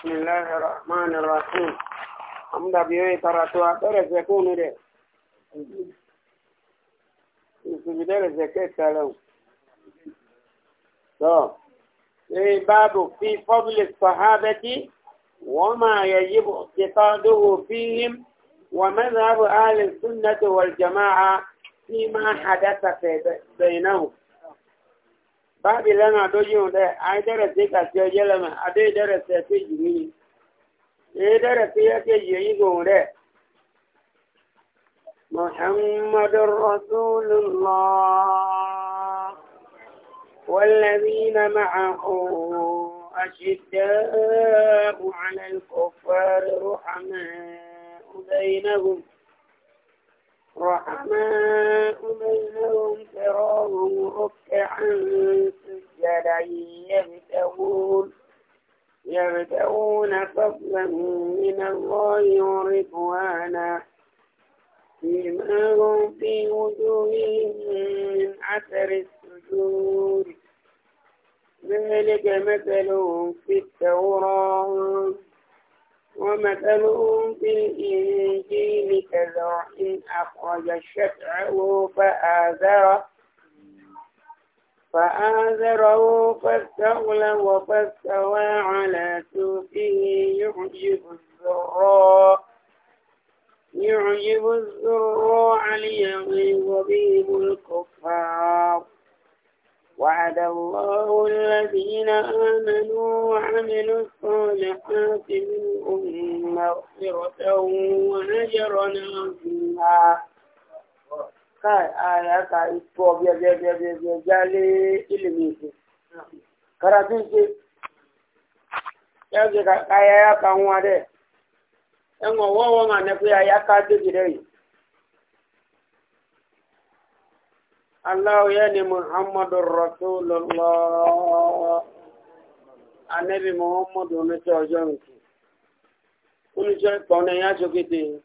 بسم الله الرحمن الرحيم حمد بيوي تراتوا ترى زكون ده يسجدر زكاة لو تو اي باب في فضل الصحابة وما يجب اقتصاده فيهم ومذهب أهل السنة والجماعة فيما حدث في بينهم babi lana doji báàbí lẹ́nu àdójúhùn dẹ́ àìdẹ́rẹ̀sí kàtí ọjọ́ lẹ́mọ̀ adé ìdẹ́rẹ̀sí ẹ̀kejì mi ni èyí dẹ́rẹ̀sí ẹ̀kejì èyí gòun dẹ́ muhammadu rasulillah wàlẹ́bínà màáhù àṣìṣẹ́ àlẹ́ kọfẹ́ rúhàmẹ́ ọ̀dẹ́yìnàgùn. رحماء بينهم تراهم ركعا سجدا يبتغون يبتغون فضلا من الله ورضوانا فيما هم في وجوههم من أثر السجود ذلك مثلهم في التوراة ومثلهم في الإنجيل كزرع أخرج شفعه فآذره فآذره فاستغلى وفاستوى على سوقه يعجب الزراء يعجب الزراء ليغيظ بهم الكفار وعد الله الذين آمنوا وعملوا الصالحات منهم مغفرة وأجرا عظيما kai aya ka ipò ọbẹ ọbẹ ọbẹ ọbẹ ọbẹ jálé ilimi ìṣe karatu ìṣe ẹgbẹ aya ya ka ń wá dẹ ẹwọn wọwọ mà nẹpẹ الله يعني محمد رسول الله النبي محمد ونجوجنك ونجوجنك ونجوجنك ونجوجنك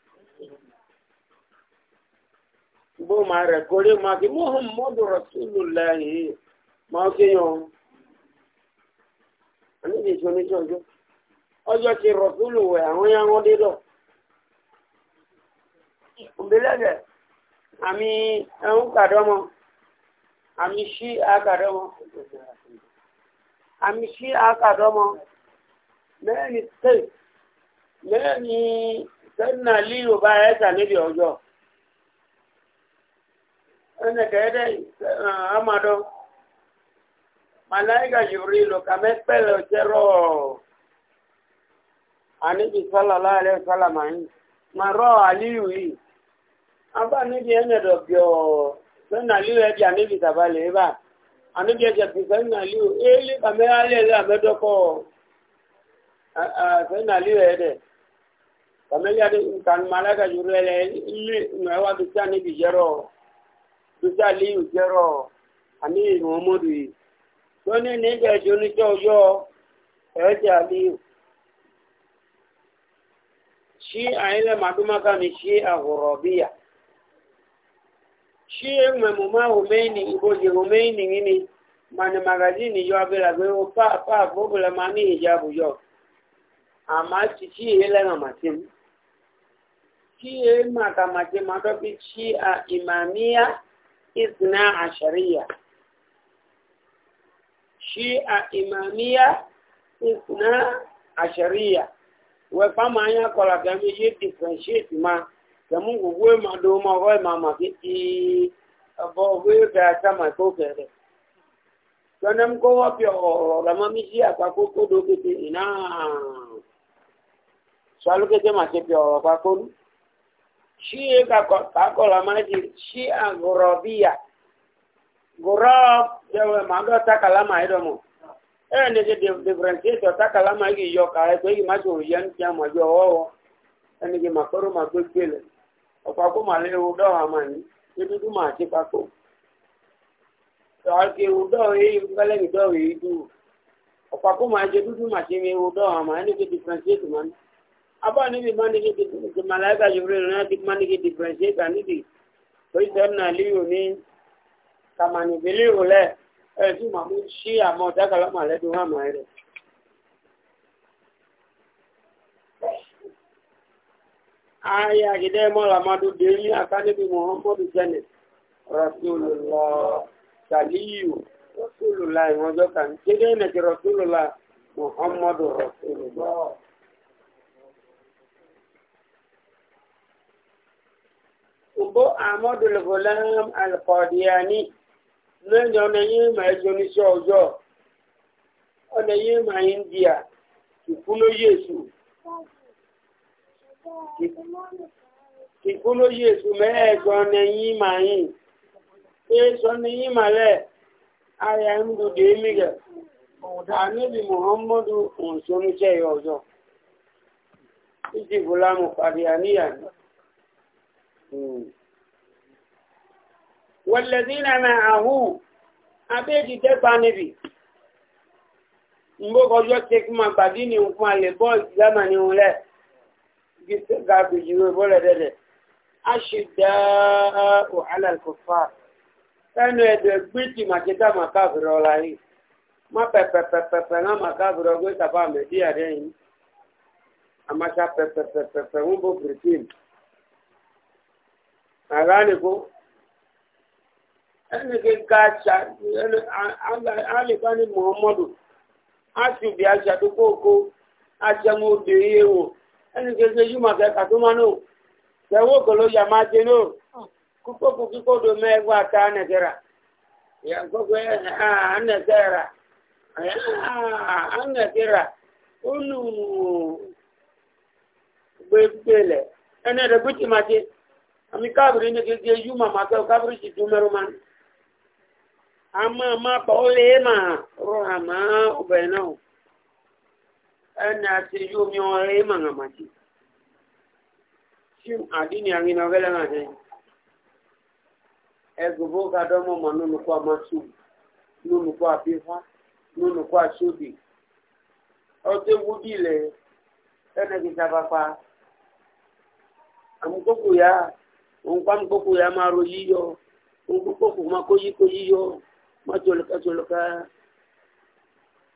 bó ma rẹ̀ kórè ma fi muhammadu rasulillahi ma fi yàn ma ìṣó ní ṣọjọ́ ọjọ́ ti rọ̀súlù wẹ̀ àwọn àmì Amishi aka àkàdọ́mọ amishi aka àkàdọ́mọ mẹ́rin tẹ̀ mẹ́rin sẹ́nà lílo bá ẹ̀ta níbi ọjọ́ ẹnì kẹ́ẹ́dẹ́ àmàdọ́ màláìkà yorì lò kàmẹ́ pẹ́lẹ̀ ọ̀jẹ́rọ̀ àníbi sọ́lá láàrẹ̀ sọ́lá màá ń màá rọ̀ àlíyù yìí abá níbi ẹ̀nẹ̀dọ̀ bíọ̀ sọ́nà lílo ẹ̀dì àníbi ìtàbalẹ̀ ẹ̀bà àníbi ẹ̀jẹ̀ fi sọ́nà lílo éèlé kàmẹ́rálẹ̀ ẹ̀lẹ́ àmẹ́dọ́kọ̀ sọ́nà lílo ẹ̀dẹ̀ kàmẹ́rálẹ̀ nkànmálága jùlọ ẹ̀lẹ́ ilé ìmọ̀ẹ́wà tó sí àníbi jẹ́rọ̀ tó sí àlíyù jẹ́rọ̀ àní ìmọ̀ọ́mọ́dù yìí sọ́nà nígbà ẹ̀jẹ̀ oníṣẹ́ ọjọ́ ẹ̀jẹ̀ àlíyù ṣí àyẹ̀lẹ̀ màdúmákà ni ṣí àhùrọ̀ bíyà shi engwe muma umeni iboje umeni ngini mane magazini yo abela gwe pa pa bobula mani hijabu yo ama chichi ele na matim chi e maka matim maka bi chi a imamia isna asharia shi a imamia isna asharia we pa manya kola gami ye differentiate ma kẹmú gbogbo ẹ̀ma do ma ọ̀họ́ ẹ̀ma ma fi ti ọ̀bọ̀ ọ̀gbẹ́ kẹ àtàmà kó kẹrẹ. sọ́nẹ́m kó wọ́n fi ọ̀rọ̀ lọ́mọ mi sí àpapọ̀ kó do kété iná. sọ́lú kété ma ṣe fi ọ̀rọ̀ papọ̀ lú. ṣí e kakọ̀ lọ́mọ ẹ̀jẹ̀ ṣí àgọ̀rọ̀ bíyà. gọ̀rọ̀ kalama màá dọ̀ takalama ẹ̀ dọ̀ mọ̀. ẹ̀ ẹ̀ nẹ́gẹ̀ dẹ̀fẹ̀rẹ̀nsì takalama yìí yọ kàrẹ́ pé yìí má sọ̀rọ̀ yẹn ti àmọ̀ ẹ̀jẹ̀ ọ̀wọ́ ẹnìkì màkọ́rọ̀ màgbẹ́gbẹ́ lẹ̀ ọ̀pàkó mà lé ewu dọ́ọ̀ àmà ní ní dúdú mà ti pakó ọ̀pàkó ewu dọ́ọ̀ yìí gbẹ́lẹ́ ní dọ́ọ̀ yìí dúró ọ̀pàkó mà ṣe dúdú mà ti ní ewu dọ́ọ̀ àmà ẹni kí differentiate mà ní abá níbi má ní kí màláìka yorùbá náà ti má ní kí differentiate níbi torí sẹ́mi náà líyò ní kàmánìbílì rò lẹ̀ ẹ̀ tí màmú ṣí àmọ́ ọ̀dá kàlámà lẹ́dùn hàn rẹ̀. ayé àgídẹ́ mọ́ra máa dúdú ní akádébí muhammadu jẹ́nẹ̀ rasulullah saliyu rasulullah ìwọ́jọ́ kan jẹ́gẹ́ ìnẹ̀kì rasulullah muhammadu rasulullah Ubo Ahmadu Lugulam Al-Qadiyani lẹ́yìn ọ̀nà yìí máa e jọ níṣẹ́ ọjọ́ ọ̀nà yìí máa India ìkúlóyèsù ìkólóyè èso mẹ́ẹ̀ẹ́gbọ́n ní yín màá yìn èso ní yín màlẹ̀ ayà ń du dé mìgẹ̀ àníbi muhammadu ọ̀sọ́nùṣẹ́ ọ̀jọ́ ìdìbò lámù pàdé àníyàn wàlẹ̀dínà máa àhú abéèdì dẹ́gbà níbi mbókọjọ́ tẹ́kùmà pàdé ní nǹkan àlẹ́bọ́ ìsìlámà ní òun lẹ́ẹ̀ gàgbèjì rẹ̀ bọ́lẹ̀ dẹ́dẹ̀ a ṣe dá wàhálà kòfà ẹnu ẹ̀dẹ̀ gbé ti màkítà màkàbìrì ọ̀la yìí má pẹ̀pẹ̀pẹ̀pẹ̀ náà màkàbìrì ọgbẹ́ ìtàbá àmẹ́dí àdẹ́ yìí àmàṣà pẹ̀pẹ̀pẹ̀pẹ̀ ń bọ̀ fìrìtìm àgánìkó ẹni kí gàṣà alìkánì mọ̀ọ́mọ́dù á sì bí aṣàdúgbò kó aṣẹ́mú obìnrin yẹn wò ẹni gbèsè yìí mà fẹ́ kàtúmọ́ náà tẹ̀wọ́ kòló yà máa jẹ náà kúkókù kíkódò mẹ́gbà ta nẹ̀kẹ́ra yà gbogbo ẹ̀ ànẹ̀kẹ́ra ànẹ̀kẹ́ra ó nù gbẹgbẹlẹ ẹnẹ rẹ bó ti máa jẹ àmì káàbìrì ní kékeré yú màmá kẹ́ káàbìrì sì dùn mẹ́rù máa ń àmọ́ àmọ́ ó lè máa rọra máa ọbẹ̀ náà. ẹni àti yóò mi wọn ẹ mọ̀nà màtí tí àdínì àrínà ọ̀rẹ́lẹ̀ náà jẹ́ ẹgbòbó kadọ́mọ̀ mọ̀ lónìkọ́ àmásù lónìkọ́ àfihà lónìkọ́ àṣóbì ọdẹ wúdí ilẹ̀ ya,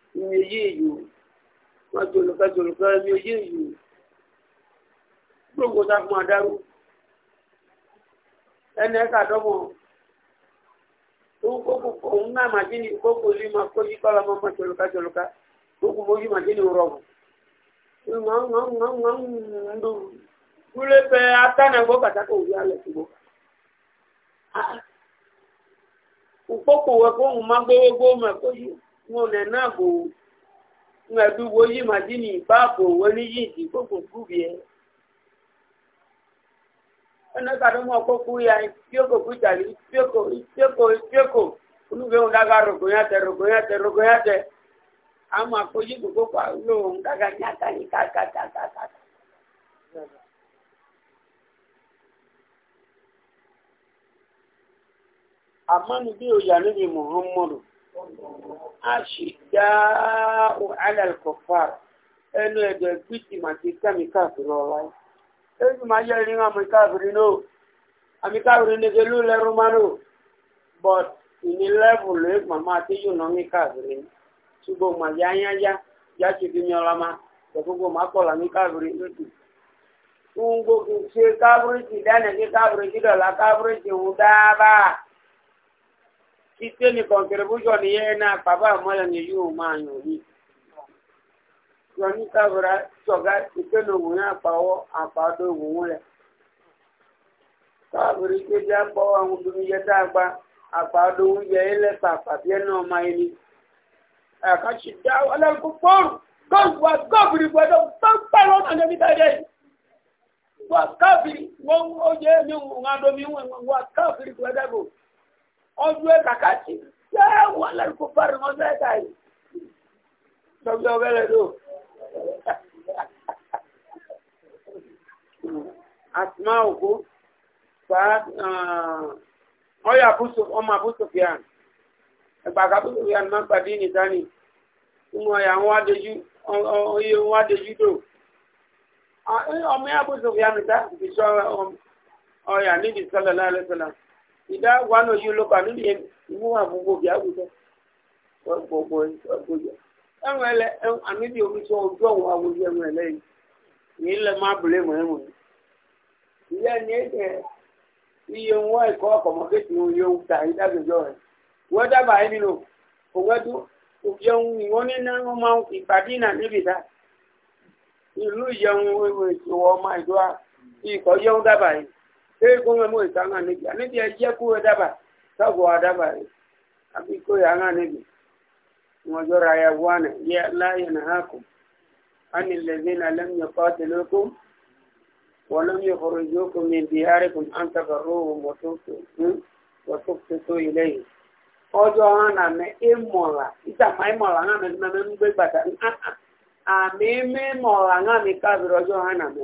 ro wọn jòlùkẹ jòlùkẹ ní ojú èyí gbòǹgbò tá a fún adarú ẹni ẹ kàdọmọ òun kókò òun náà màdínì kókò lè máa kó yí kọlọ mọ jòlùkẹ jòlùkẹ kókò mojú màdínì rọrùn kúlé pẹ atánàgbọ pàtàkì òwú alẹ tìgbọ òpópò wẹ kó òun má gbówó gbówó mẹ kó yí wọn nẹ náà gbòó. ŋmɛdu wo yi madini baabo ni yi di gbogbo kubi yɛ ɛnɛ ka do mo ya tioko kutali tioko tioko tioko olu bɛ ŋun daga ya tɛ ya tɛ ama koji gbogbo kpa lo ŋun daga nyata ni amanu bi o ya àṣìdá alàlùkọ̀fà ẹnu ẹ̀dọ̀ ẹ̀gbìtì màtí kẹ́mi káàkiri ọ̀la ẹ̀sùn máa yẹ ẹ̀rí àmì káàkiri náà àmì káàkiri nìkan ló lẹ́rú máa nù but ìní lẹ́bù ló èkó màmá àti yóò nà mí káàkiri ṣùgbọ́n mà yá yá yá yá ṣe fi mi ọ̀la ma ṣẹ̀kúgbọ́ mà kọ̀ọ̀la mi káàkiri lójú. ń gbógun ṣe káàkiri ti dáná kí káàkiri ti dọ̀la káàkiri ti hù dáábàá ite ni contribution ni yẹn náà bàbá àmọ́lẹ̀ ni yóò máa yàn ní. Yọ̀ní kábìrà sọ̀gá ite ni òun yẹn àpawọ́ àpàdé òun rẹ̀. Kábìrì ike jẹ́ àpawọ́ àwọn obìnrin yẹn tá a gba àpàdé oúnjẹ ẹlẹ́ta àpàbí ẹ̀ náà máa yẹn ni. Àkàṣì dá ọlọ́run kò fọ́ọ̀rù gọ́ọ̀gù wa gọ́ọ̀bìrì gbọ́dọ̀ pẹ́ lọ́nà níbi tẹ́lẹ̀ yìí. Wà kábìrì wọ́n ó yẹ mi wọ́n adó mi wọ́n wà kábìrì gbọ́dọ̀ ọjọ́ kàkàtì yẹ wà lẹ́rùkú fẹ́rẹ̀ wọn fẹ́ ká yìí lọ́gbẹ́ ọgbẹ́ rẹ̀ lò. àtìmá òkú fà ọyọ àbúso ọmọ àbúso fìyà ẹgbàgbà àbúso fìyà ni máa ń pàdé nìkanì nínú ọyà wọn adéjú oyè wọn adéjú dò ọmọ yà àbúso fìyà nìkan ìṣọ ọyà nídìí sọlọ láyé lẹsọlọ ìdá wa náà yóò lọ pàánù ní ìmú àmúgbò bí àwùjọ wọn gbogbo ọgbọjọ ẹwọn ẹlẹ àmì bí omi tí wọn ojú ọwọ àwùjọ ẹwọn ẹlẹ yìí ní ilẹ má bèrè mọ ẹwọn ìyá ni ẹgbẹ iye ń wá ẹkọ ọkọmọkéèkì ń yẹ ń ta ìdájọjọ rẹ wọn dábàá ẹni lò òwe tó òjẹun ni wọn ní náà wọn máa ń ìpàdé náà níbi dá ìlú ìyẹun ìwé ọmọ ìdúrà ìkọ yẹun dábàá yìí ee kome mo isa nga nebi anebi ejia kuwe daba sago adaba abi koye anga nebi ngojora ya bwana ya la yanhakum ani alladhina lam yuqatilukum wa lam yukhrijukum min diyarikum an tabarruhum wa tuqtu wa tuqtu ilayhi ọjọ́ hàn nà mẹ ìmọ̀lá ìtàmà ìmọ̀lá hàn mẹ mẹ mẹ ń gbé bàtà àmì mímọ̀lá hàn mi kábìrì ọjọ́ hàn nà mẹ.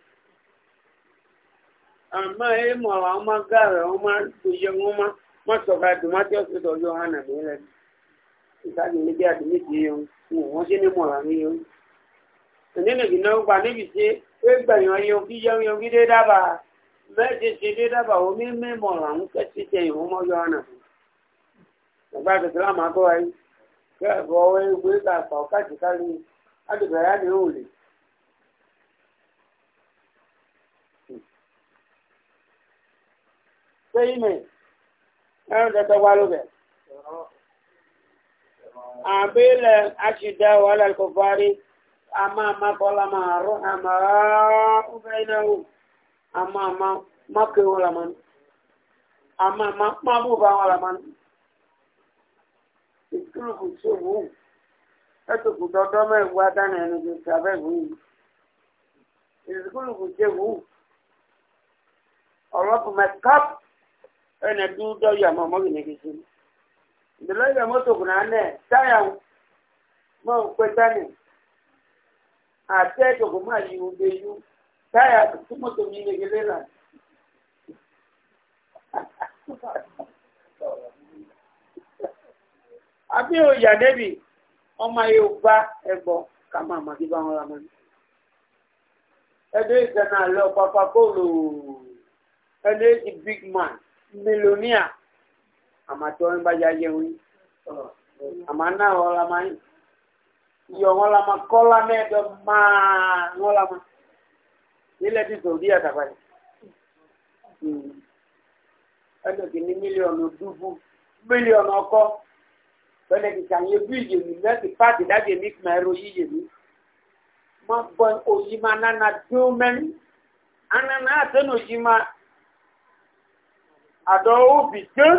àmọ́ ẹ mọ̀ àwọn ọmọ gáàrà ọmọ ìṣòye wọn má má sọ̀rọ̀ àdùmátì ọ̀sẹ̀dọ̀ yọ hàn àmì rẹ̀ ìsáàdì ní bí àdùmí ti yọ wọn ṣe ní mọ̀ àmì yọ. ẹ̀nínú ìdìnnà ọgbà níbi ṣe pé gbẹ̀yàn yọ kí yẹun yọ kí dé dábàá mẹ́ẹ̀dì ṣe dé dábàá omi mímọ̀ àwọn kẹ́sì tẹ̀yìn wọn mọ́ yọ hàn àmì. ọgbà tuntun láàmú akọ́wáyé kẹ́ẹ̀bọ̀ ọwọ́ sẹ́yìn mẹ́ ẹ̀rọ tẹ̀tẹ̀ wá ló bẹ̀. àbílẹ̀ àṣìdá wàhálà kò parí a máa má bọ́lá máa rọ́ àmà ó fẹ́ iná wò a máa má má kéwò làmọ́ ní a máa má má bò bá wọn làmọ́ ní. ìkúrò kò ṣòwò ẹ̀tọ́ kò dọ́dọ́ mẹ́wàá dáná ẹni tó ṣàbẹ̀ wò yìí ìkúrò kò ṣòwò ọ̀rọ̀ kò mẹ́kọ́pù. ẹnẹ tó dọ́yà ya mọ́ kìnnìkì sí mi ìdílé ìgbà mọ́tò kùnà nẹ táyà ń mọ́ ń pẹ́ tánì àti kò má yí oge yú táyà tó mọ́tò mi lè gẹ́lẹ́ rà. àbí òyà débi ọmọ o gbá ẹgbọ ká máa mọ kí bá mọ ní. ẹdọ ìgbà náà lọ pápá kó lò ó big man. mílíọ̀nìà àmà tí wọ́n bá jáde wí àmà náà wọ́n la máa yọ wọ́n la máa kọ́lá mẹ́ẹ̀dọ́ máa wọ́n la máa nílẹ̀ tí sòdí àtàkùn yìí hmm. ẹlẹ́gì ní mílíọ̀nù dúbú mílíọ̀nù ọkọ́ ẹlẹ́gì kàyé bí ìyèmí lẹ́sì pàdé dájé mi kìmọ̀ ẹ̀rọ yíyèmí má bọ́ òyì má nánà dúmẹ́rin anana àtẹnu òyì má àdánwò bì dán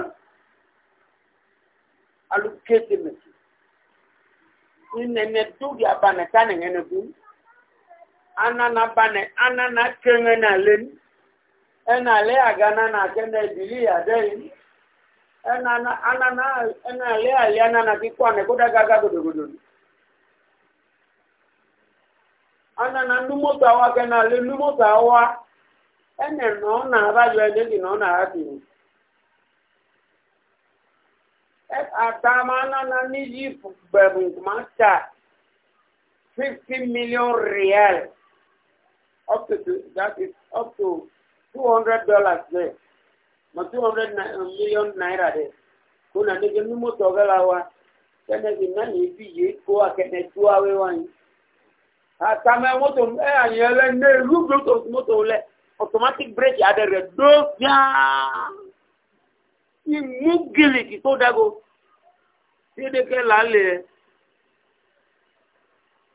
alùkéde mẹsì nínú dúdú abanẹ tani ẹni bú anana banẹ anana kéŋẹ na lẹnu ẹnà alẹ àgànà na kẹne ìdílé yàdẹ yìí ẹnà anana ẹnà alẹ àlẹ anana kíkọ àná anana na na Atamanana na ní yíìpù ta fifty million riel up to that is up to two hundred dollars there ma two hundred uh, million naira there kó nà ní kí mímú tọ́gẹ́ la wa kẹ́nẹ́kì náà ní ibi yìí kó akẹ́nẹ́ tó awé wáyé àtàmẹ́ mọ́tò ẹ̀ àyẹ̀lẹ́ ní ìlú mọ́tò lẹ̀ automatic brake adẹ̀rẹ̀ dó gbáà imú gìlìkì tó dágo dédéke lálẹ́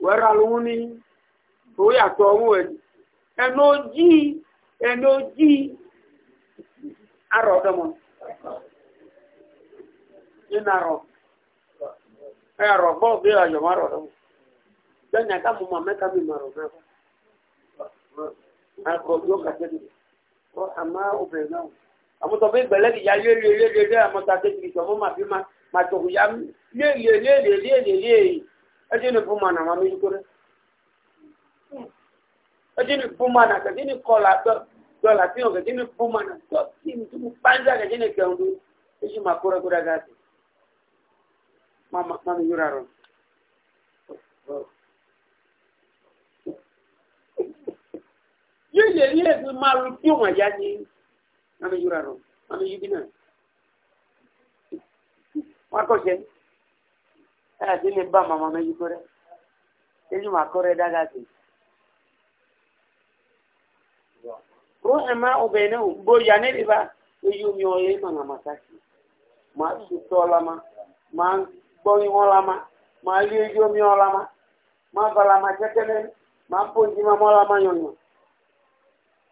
wẹ́rà lóhun ní tó yàtọ̀ ọ̀hún ẹ̀ ẹnu ojí ẹnu ojí arọ̀ ọ̀dọ́mọ̀ nínú arọ̀ ẹ̀ arọ̀ bọ́ọ̀ bí àjọmọ̀ arọ̀ ọ̀dọ́mọ̀ lẹ́yìn àtàmú mọ̀ mẹ́ta mi mọ̀ arọ̀ mẹ́fà akọ̀ yóò kàtẹ́lẹ̀ kọ́ àmà obìnrin náà àmọ́tọ̀bí ìgbẹ̀lẹ́dì ya yé lé lé lé lé àmọ́tọ̀ àtẹ́kìrì sọ̀mọ́ mà fi má mà tòkù ya lé lé lé lé lé lé lé ẹjẹ́ ni fún mànà màmí yìí kórè ẹjẹ́ ni fún mànà kẹ̀kẹ́ ni kọ́là dọ́là tí yàn kẹ̀kẹ́ ni fún mànà tó kí ni tó mú pàǹdà kẹ̀kẹ́ ni kẹ̀hún ló ẹjẹ́ mà kórè kórè gàdì màmí yóò rà rọ. yé lè lé lè fi máa lu kí òun àyà ni nanu yura rɔ nanu yibi na wọn akɔsɛ ɛyà ti le ba mama mɛ yikɔ rɛ eyi ma kɔ rɛ daga ti ro ɛma ɔbɛ ne o bo ya ne bi ba eyi omi ɔye mama ma ta si ma sutɔ la ma ma gbɔnyi wɔ la ma ma yi eyi omi ɔ ma ma bala ma tɛtɛ lɛ ma ponzi ma mɔ la ma nyɔnyɔ.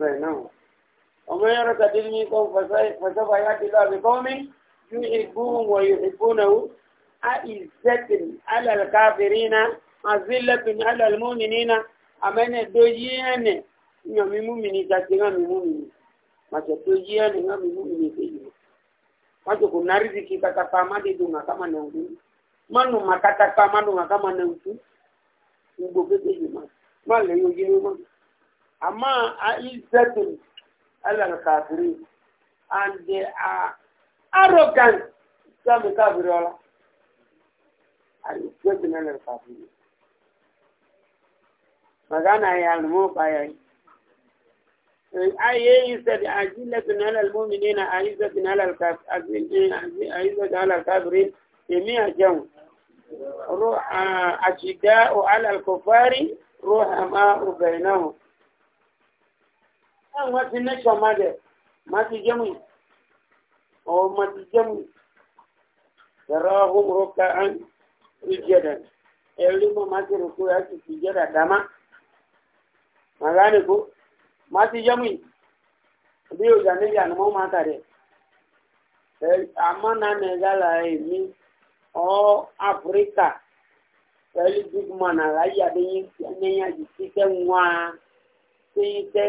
بينهم ومن يرتد منكم فسوف ياتي الله بقوم يحبهم ويحبونه أعزة على الكافرين أذلة على المؤمنين أمن دوجين يوم مؤمنين تاتينا مؤمنين ما تدوجين يوم مؤمنين تيجي macho kuna riziki takatamade dunga kama na ngumu manu makata kama dunga kama na ngumu ngobeke jima male yo jima أما على الكافرين and they are arrogant some كافر ولا عزة الكافرين مجانا يا الموقع يا أي عزة عزة المؤمنين عزة على الكافرين عزة على الكافرين جميع جو روح آه، أشداء على الكفار روح ما بينهم ẹ̀wọ̀n ti ní ṣọ̀mà rẹ̀ máa ti jẹ́mu ọ̀wọ́ máa ti jẹ́mu yàrá ọ̀hún rọ́kà án ìjẹ̀dà ẹ̀rí mọ́ máa ti rúkú rẹ̀ ti ti jẹ́dà dámá màgánìkó máa ti jẹ́mu bí ọjà níbi ànàmọ́ máa tà rẹ̀ àmọ́ náà nàìjíríà là èmi ọ́ áfíríkà pẹ̀lú dùgbọ́n náà láyé àdéyìn ẹ̀yìn àjùtí tẹ́ ń wá sí tẹ́.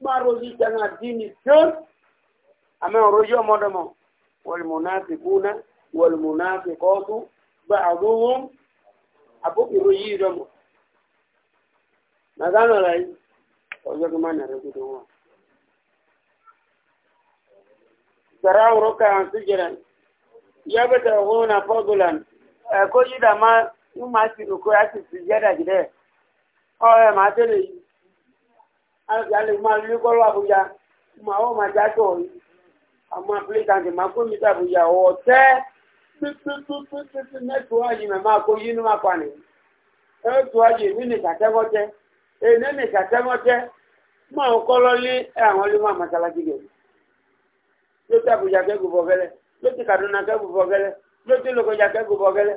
barozi tanga dini jon ama rojo modomo wal munafiquna wal munafiqatu ba'dhum abu iruyi domo nadano lai ojo kuma na rubu domo sarau roka sijiran yabata huna fadlan e, ko yida ma mu ma si ko ya si sijada gide o ma tele alẹ́ máa lé kọ́lọ́ àbújá máa wọ́n máa jáde ọ̀rí àwọn àpilẹ̀kàǹtì máa kó mi sí àbújá ọ̀tẹ́ pípípípípí mẹ́tò ayé mẹ́ máa kó yínú máa pa nìyí ẹ̀tọ́ ayé mi nìkà tẹ́mọ́tẹ́ èmi nìkà tẹ́mọ́tẹ́ máa kọ́lọ́ lé àwọn lé máa màsálásí gẹ̀ ló ti àbújá kẹ́gùn bọ̀ gẹ́lẹ́ ló ti kàdúnà kẹ́gùn bọ̀ gẹ́lẹ́ ló ti lókojá kẹ́gùn bọ̀ gẹ́lẹ́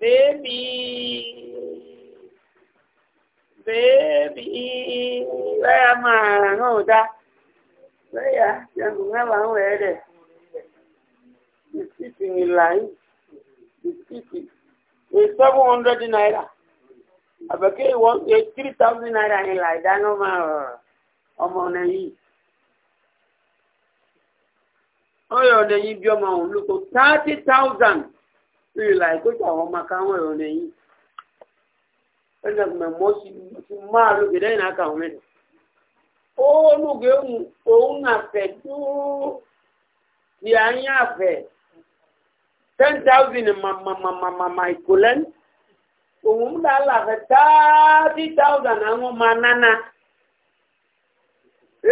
Baby, baby, where am I? Oh, that. Where are you? Where are you? in line. 700 naira. 3,000 naira in line. That no matter. 30,000. ìlà ìkójọ àwọn ọmọ akáwọn ẹ̀rọ lẹ́yìn ẹ̀rọ mẹ̀mọ́ sí máa lóge lẹ́yìn àkàwọn mẹ́rin ó lóge òun àfẹ́ tó ti àyín àfẹ́ ten thousand mamamamama ìkólẹ́n òun ń dá láfẹ́ thirty thousand àwọn ọmọ nánà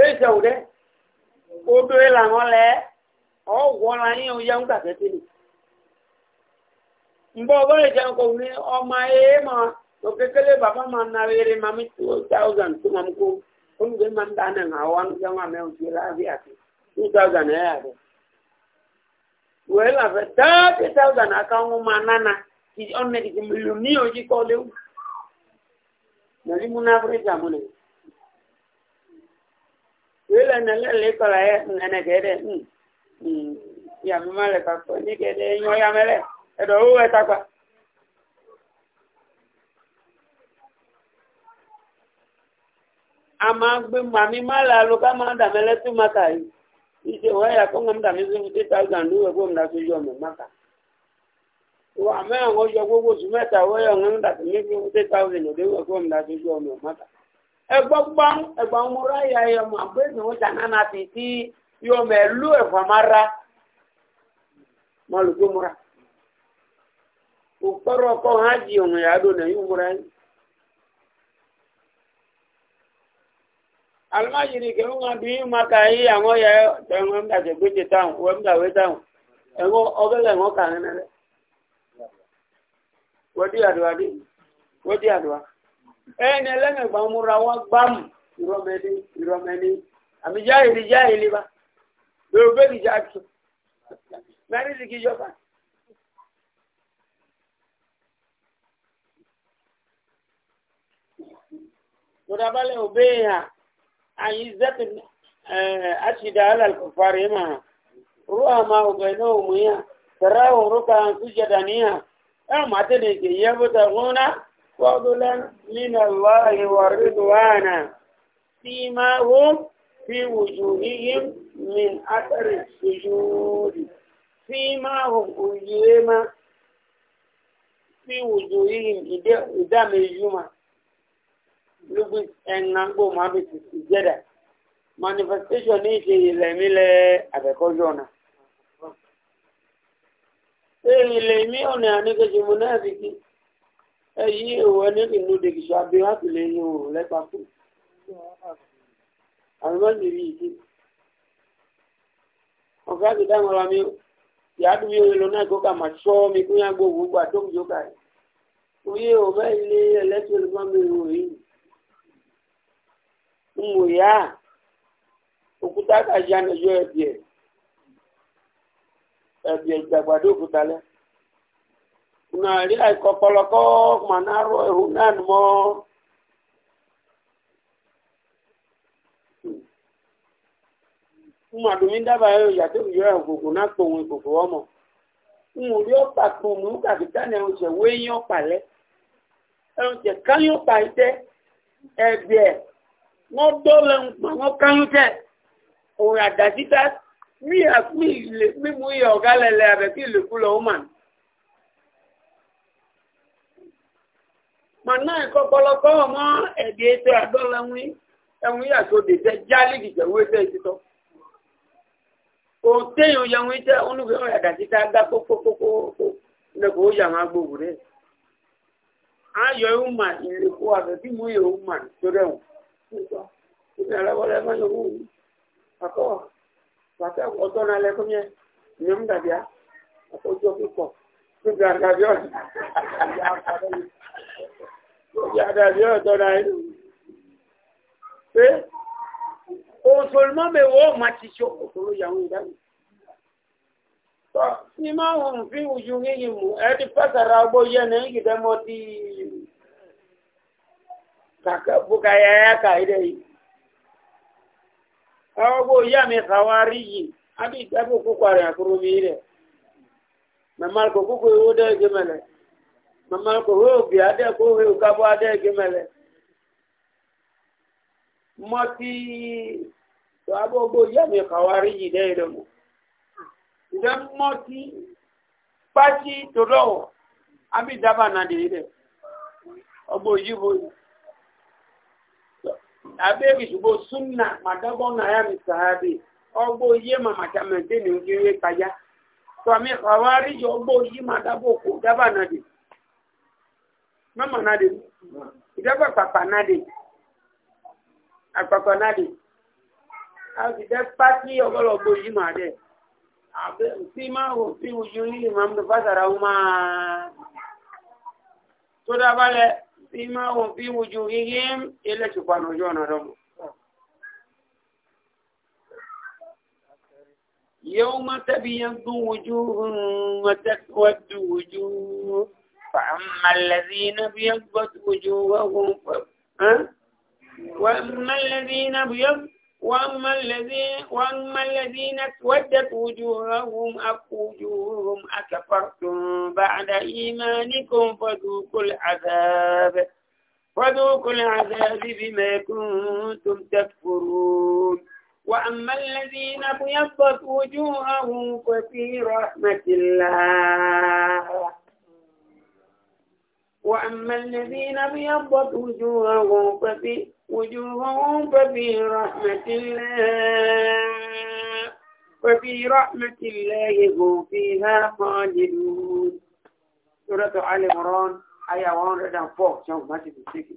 èyí ṣe òun dẹ́ odò ìlànà lẹ́ ọ̀wọ́ la yín òun yẹ ń gbàgbé tẹ́lẹ̀ mgbe ọbụla ji akwụkwọ ọma ee ma okekele baba ma narịrị ma mi 2000 tụma m kwuo onuge ma ndị ana e na awa nụga nwa mee otiela abịa 2000 ya ya bụ wee lafe 30,000 aka nwụ ma nana ọnụnegide milionia ojikọ lewu na limu na afrịka mụ na wele na lele kọla ya nene ka ya mma leka kwa ni ka ede enyo ya mere ẹ̀dọ̀ owó ẹ̀ tagba. a máa gbé màmí má là ló ká máa dàmí ẹlẹ́tún màkà yìí ìṣe wọ́n yà kó ń gbọ́n dàmí sí fifty thousand ló wẹ̀ kó ń dàtú yọ ọmọ màkà. wà á mẹ́rin wọ́n yọ gbogbo oṣù mẹ́ta wọ́n yọ ń dàtú ní fifty thousand ló wẹ̀ kó ń dàtú yọ ọmọ màkà. ẹgbọ́ gbọ́n ẹgbọ́n mo ráyà ẹ̀mọ́ àgbẹ̀sìn ó ṣàná náà ti tí yọ ọmọ ẹ̀lú ẹ̀fọ́ máa ukparo ko haji on ya do na yumuran almajiri ke on abi maka yi àwọn ya don on da je gbeje town we mda we town e go ogele won kan na le wodi adwa di wodi adwa e ne le me gba mura wa gbam iromeni iromeni ami jahili ba do be ni jatu mari dikijọba kudabale ubeha aizatun eh, ashida ala alkufari ma ruha ma ubaino umuya tarawo ruka an sujadaniya ya mata ne ke yabuta gona fadlan min Allah wa ridwana fima hum fi wujuhihim min athari sujud fima hum ujema fi wujuhihim ida ida mejuma lubis ẹna gbó ma bi titi jẹda manifestation ní ìṣe ìlẹ̀mí lẹ àbẹ̀kọ́jọ́ ọ̀nà. èyí ìlẹ̀mí ọ̀nà àníkejì mu náà fi kí ẹyí òwò níbi inú dèkìṣà bí wọ́n ti lè yin òòrùn lẹ́pa kú. àlùmọ́ọ̀nì rí ìdí. ọ̀gá ti dá ìmọ̀ra mi yàtú mi òye lọ náà kó kà mà sọ́ mi kó yàn gbó gbogbo àtọ́kùjọ́ kà yìí. òye òbẹ́ ilé ẹlẹ́tọ̀ọ́ mo yá òkúta kàjá nàjọ ẹbí ẹ ẹbí ẹ gbàgbàdo òkúta lẹ náà rí àìkọkọlọkọ màná rọ ẹhùn náà nù mọ. mmadụmi ndaba ya yàtò yọ àgògò n'akpọ òun ìgògò ọmọ nwòrí ọkpa kpọ mú kàkítà náà ọsẹ wéyìn ọkpa lẹ ẹnjẹ káyọ ọkpa yìí tẹ ẹbẹ. wọ́n dọ́lẹ̀ ń pa wọ́n káyún tẹ̀ òun àdásíta mí ilé mímú iye ọ̀gá lẹ̀lẹ̀ àbẹ̀kí ìlẹ̀kú lọ́wọ́ mà. màná ìkọ́pọ̀lọpọ̀ ọmọ ẹ̀dí ètò àdọ́lẹ̀ wí ẹ̀wọ̀n jálì dìjẹ́ tẹ̀ gbá kókókókó lẹ́kọ̀ọ́ rẹ̀. ayọ̀ mú iye ne le wole ma yovu akɔ wata ɔtɔ na lɛ kɔmiɛ nyɔm dabia akɔ dzɔ kikɔ kuta dabia kuta dabia ɔtɔ na yi pe osolima bɛ wo ma ti tso osolo yawu yi dami tɔ sima ohun fi wuju yi yi mu ɛdi pasara gbɔ yɛ ne yi dɛ mɔ tii. ka yàyà kàìdẹ̀ yìí ya ìyá mi yi. Abi abí ìtẹ́bù kúkọ̀ rẹ̀ àkúrú mi rẹ̀ màmá kò kúkọ̀ owó dẹ́ gẹ́mẹ̀lẹ̀ màmá wee hó òbí adẹ́ kó hó òkábọ́ adẹ́ ya mi yi yìí dẹ́ mo mọ́ ǹjẹ́ mọ́tí to tó abi daba na náà dé abegi subo sunna madabo na ya misahabi ogbo ye mama chamete ni ngiwe kaya to ami khawari jo ogbo yi madabo ko daba na de mama na de idaba papa na de apapa na de abi de pati ogolo ogbo yi ma de abe ti ma wo ti uju ni imam do fasara uma to daba le فيما هم في وجوههم إلا سبحانه وجوهنا رب يوم تبيض وجوه وتسود وجوه فأما الذين بيضت وجوههم ف... أه؟ وأما الذين بيضت وأما الذين وأما الذين اسودت وجوههم وجوههم أكفرتم بعد إيمانكم فذوقوا العذاب فذوقوا العذاب بما كنتم تكفرون وأما الذين ابيضت وجوههم ففي رحمة الله وأما الذين ابيضت وجوههم ففي وجوههم ففي رحمة الله وفي رحمة الله هم فيها خالدون سورة آل عمران آية 104 شوف ما تتسكي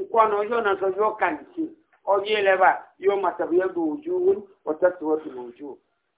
nkwano ọjọ́ náà sọjọ́ kàǹtì ọjọ́ ẹlẹ́bà yóò máa tàbí ẹgbẹ́ òjò wọn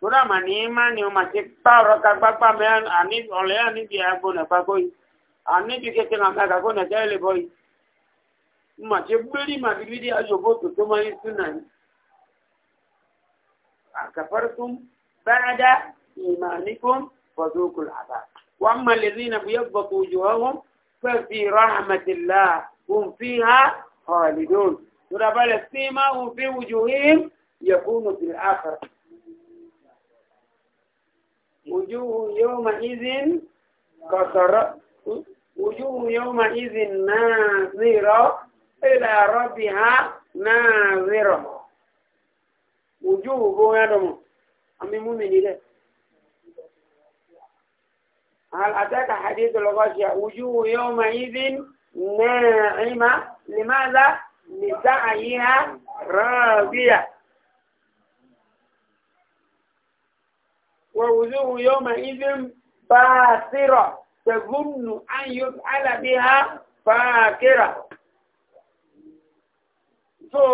tura mani imani o masi kparo kagbagba me ani ole ani bi agbo na gbagbo yi ani bi keke na ka gbo na tele boy ma ti gberi ma bi bi ajo bo to to mai sunan akafartum ba'da imanikum fadukul adab wa amma alladhina biyadbatu wujuhahum fa fi rahmatillah hum fiha khalidun tura bala sima hum fi wujuhihim yakunu fil akhirah وجوه يومئذ كسر وجوه يومئذ ناظرة إلى ربها ناظرة وجوه بو يدوم أمي مؤمن إليه هل أتاك حديث الغاشية وجوه يومئذ ناعمة لماذا؟ لسعيها راضية ووجوه يومئذ باثرة تظن أن يفعل بها فاكرة so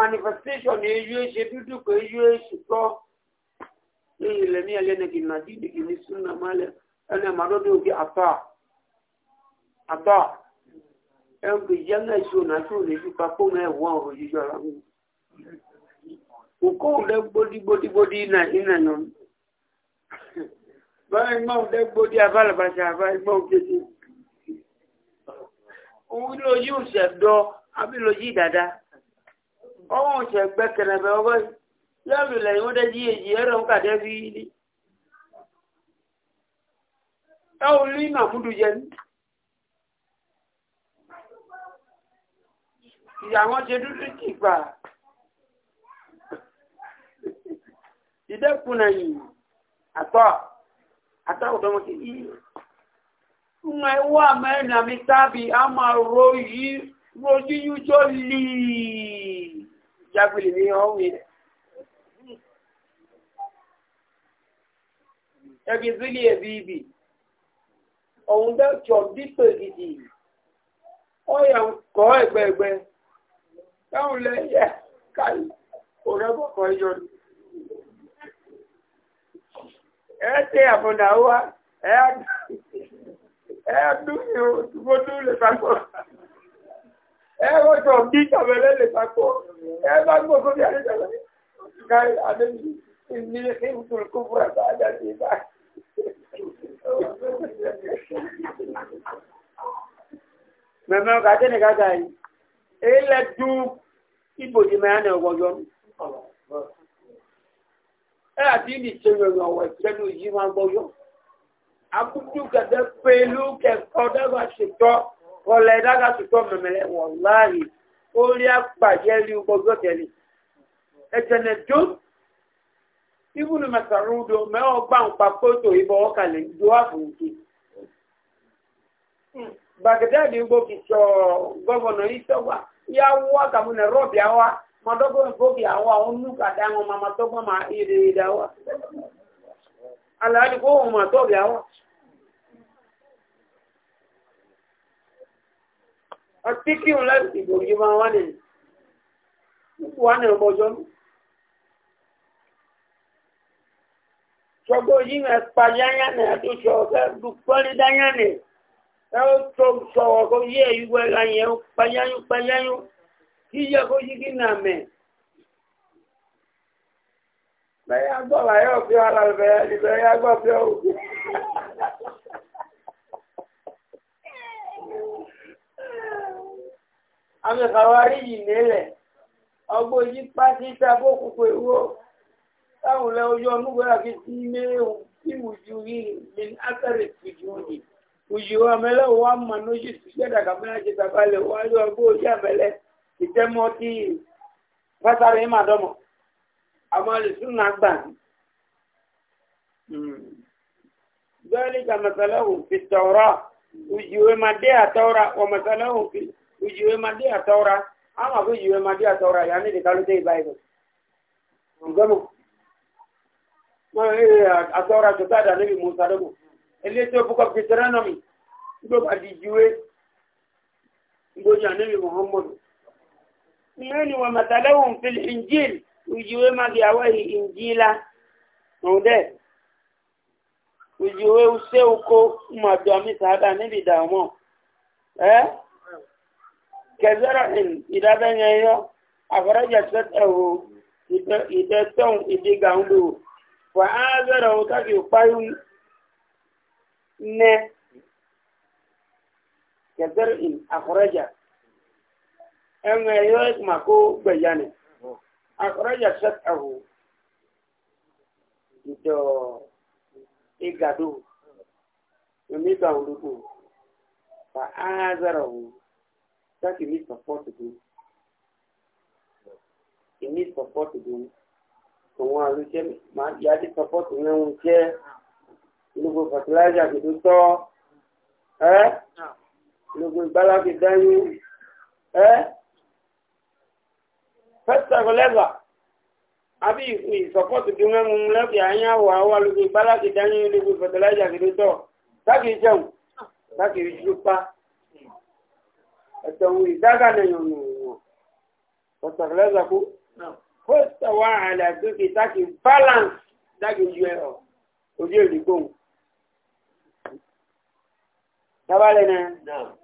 manifestation eju ese dudu ko eju ese ko ile ni ale ne kinna di de kinni sunna male ana maro do ki ata ata en bi yanga so na so le ju pa ko me won ro ju jara ukó ɖe gbodigbodigbodi ina ina nɔ ba imawo ɖe gbodi ava le basa ava imawo tete wúlò yóò sẹ dọ àbí lò yí dada ọwọ́ sẹ gbẹ kẹrẹbẹ ọwọ́ yálù lẹ́yìn ó dẹ́ yí èyí ẹ̀rọ ń kà dẹ́ fi yí ni ẹ ò lé màmúdu jẹ ní. ìyàwó ṣe dúdú tì gbà. dide kuna yi atọ atọ ọdọmọ ti yi nwa ewu amẹrin na mi tabi a ma ro yi rojú yújọ lii jagbele ni ọwọ yẹn ẹbi zili ẹbi ibi ọ̀hun bẹ́ẹ̀ tsọ dípò gidi ọyà kọ́ ẹgbẹgbẹ táwọn lẹ yẹ ká òrẹ́bọ̀ kọ́ ẹjọ́ ni ẹ̀ẹ́tẹ́ àfọ̀dà wá ẹ̀ẹ́dún ní ojúgbójú lè pàpọ̀ ẹ̀ẹ́rọ̀jọ̀ bí tàbẹ̀lẹ̀ lè pàpọ̀ ẹ̀ẹ́bá gbogbo bí àdéjọ̀lẹ́ káì àdéjì ní ìwùtò kó fún ẹ̀bá àdàdì ìbá mẹ̀mẹ́ ọkà tẹ́nì kájà yìí èyí lẹ́dú ìbòjì mẹ́rin ọgbọ̀jọ́ àti ìdí ìṣẹ̀rẹ̀ ọ̀wọ̀ ìṣẹ́nu yìí máa gbọ́yọ́. Akútú kẹ̀kẹ́ pẹ̀lú kẹ̀kọ́ dágbà ṣètọ́ ọ̀lẹ̀ dágbà ṣètọ́ mẹ̀mẹ̀lẹ̀ wọ̀ láàyè ó rí àpàjẹ́ rí gbọ́gbọ́ tẹ̀lé. Ẹ̀jẹ̀nẹ̀ tó ibùdó mẹ̀sàrúdò mẹ́wọ́ gbà ń pa kótó ìbọn ọkàlẹ̀ ìdó àfòǹkè. Bàgẹ́dẹ́ẹ̀dì gbòkì sọ gọ́vọ̀nà ìṣọ́wà yá wọ́ kàmúnẹ̀ rọ́ọ̀bì àwa madogo mbogi awa onuka dango mama togo ma ire dawa aladi ko ma togo awa atiki ulan ti bogi ma wane wane bojon sogo yin espanyanya ne adu so ga du kwali danya ne e o so so go ye iwe ga yen panyanyu panyanyu kíyẹ kó yígi nà mẹ́. Bẹ́ẹ̀ agbọ́ wa yóò fi ara rẹ̀ ibẹ̀ yá gbọ́ fi ọ́ òkú. Àmì kàwárí yìí nílẹ̀, ọgbọ́n yí pátí tá a bó kúkú ewó. Táwọn ilẹ̀ ojú ọdún gbọ́dọ̀ fi sí ilé ìwù ju yìí ní ásẹ̀rẹ̀ tìjú yìí. Òjì wa mẹ́lẹ̀ wà mọ̀ ní ojú ìsúgbẹ́dàgàmẹ́lá ṣe tàbálẹ̀ wáyé ọgbọ́n ojú àmẹ́lẹ́. ìtẹ́mú ọtí fásáré yìí máa dọ́mọ̀ àwọn alùsùnà gbà hmm. bẹ́ẹ̀ni ka masalahu fi tawra ujiwe made atawra wa masalahu fi ujiwe made atawra ama ko ujiwe made atawra yani de kalu dey bible ngomo mo atawra to musa nọ ni ومثلهم في الإنجيل وجوه ما جاوه إنجيلا نودي وجوه وسيوكو ما دوامي سهدا نبي داومو ها كزرع إذا بين يو أخرج سطعه إذا تون إذا قاندو فآذره تكي فايون نه كزرع أخرجه ẹnu ẹ̀yọ́ ẹ̀kùnmà kó gbẹ̀yà ni akọ̀rọ̀jà sẹ́kàwó ìjọ ìgàdó omi ìgbà olùkù fà á zara wò sáàkì ní sọpọ́tù tó ìní sọpọ́tù tó òun àlùjẹ́ máa yáde sọpọ́tù yẹn ń jẹ́ olùkù fàtìláìsà kò tó tọ́ ẹ́ olùkù ìgbàlá ti dání ẹ́ pẹ́sítà kọlẹ́bà àbí ìsọ̀pọ̀tù kí wọ́n mú lẹ́kì àyàwó àwọn alùpùpù ìbálàkì dání olùgbò fẹ̀tẹ̀láìjà kìdó tọ̀ láti jẹun láti rí ju pa ẹ̀tọ̀wù ìdága nìyàn nù wọ̀n pẹ́sítà kọlẹ́bà kú pẹ́sítà wà àlàdókè táàkì balance dáàkì ju ẹ̀ ọ̀ ojú ìdìgbò tabalẹ̀ náà